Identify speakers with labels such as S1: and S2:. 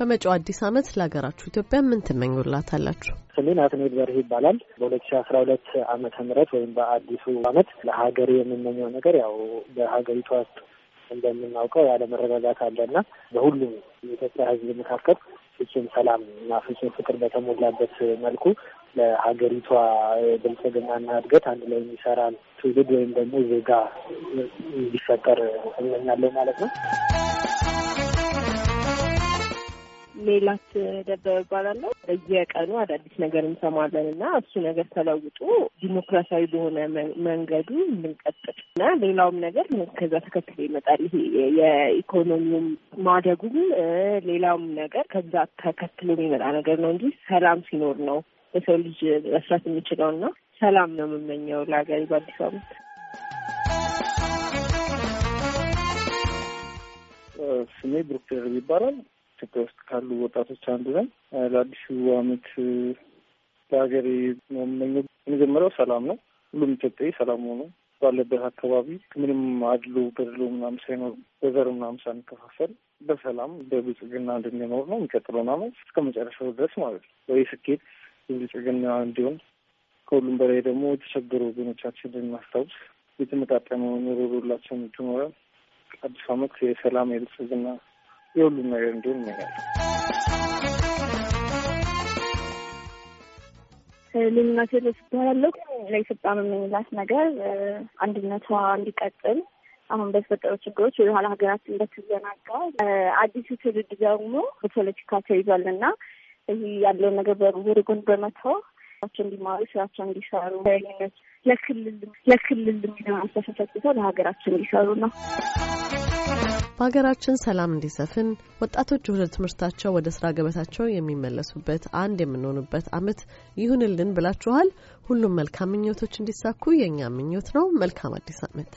S1: በመጪው አዲስ ዓመት ለሀገራችሁ ኢትዮጵያ ምን ትመኙላታላችሁ አላችሁ?
S2: ስሜን አትኔል በርህ ይባላል። በሁለት ሺ አስራ ሁለት ዓመተ ምህረት ወይም በአዲሱ አመት ለሀገር የምመኘው ነገር ያው በሀገሪቷ ውስጥ እንደምናውቀው ያለመረጋጋት አለና በሁሉም የኢትዮጵያ ሕዝብ መካከል ፍጹም ሰላም እና ፍጹም ፍቅር በተሞላበት መልኩ ለሀገሪቷ ብልጽግናና እድገት አንድ ላይ የሚሰራ ትውልድ ወይም ደግሞ ዜጋ እንዲፈጠር እመኛለሁ ማለት ነው።
S3: ሜላት ደበበ እባላለሁ። በየቀኑ አዳዲስ ነገር እንሰማለን እና እሱ ነገር ተለውጦ ዲሞክራሲያዊ በሆነ መንገዱ እንድንቀጥል እና ሌላውም ነገር ከዛ ተከትሎ ይመጣል። ይሄ የኢኮኖሚውም ማደጉም ሌላውም ነገር ከዛ ተከትሎ የሚመጣ ነገር ነው እንጂ ሰላም ሲኖር ነው የሰው ልጅ መስራት የሚችለው እና ሰላም ነው የምመኘው ለሀገር በአዲስ
S4: ስሜ ብሩክ ይባላል። ኢትዮጵያ ውስጥ ካሉ ወጣቶች አንዱ ነን። ለአዲሱ አመት ለሀገር መመኘ የመጀመሪያው ሰላም ነው። ሁሉም ኢትዮጵያዊ ሰላም ሆኖ ባለበት አካባቢ ምንም አድሎ በድሎ ምናምን ሳይኖር በዘር ምናምን ሳንከፋፈል በሰላም በብልጽግና እንድንኖር ነው የሚቀጥለውን አመት እስከ መጨረሻው ድረስ ማለት ነው። ወይ ስኬት የብልጽግና እንዲሆን ከሁሉም በላይ ደግሞ የተቸገሩ ወገኖቻችን እንድናስታውስ የተመጣጠነ ኑሮ ሁላችን እንዲኖረን አዲሱ አመት የሰላም የብልጽግና የሁሉም ነገር እንዲሁም ይሆናል።
S5: ሌሊና ቴሎስ ይባላለሁ። ለኢትዮጵያ የምመኝላት ነገር አንድነቷ እንዲቀጥል አሁን በተፈጠሩ ችግሮች ወደኋላ ሀገራት እንደትዘናጋ አዲሱ ትውልድ ደግሞ በፖለቲካ ተይዟልና ይህ ያለውን ነገር በቡርጉን በመተው ቸው እንዲማሩ ስራቸው እንዲሰሩ ለክልል ለክልል ለክልል የሚለማንሳሻ ሰጥተው ለሀገራችን እንዲሰሩ ነው።
S1: በሀገራችን ሰላም እንዲሰፍን ወጣቶች ወደ ትምህርታቸው ወደ ስራ ገበታቸው የሚመለሱበት አንድ የምንሆኑበት አመት ይሁንልን ብላችኋል። ሁሉም መልካም ምኞቶች እንዲሳኩ የእኛ ምኞት ነው። መልካም አዲስ አመት።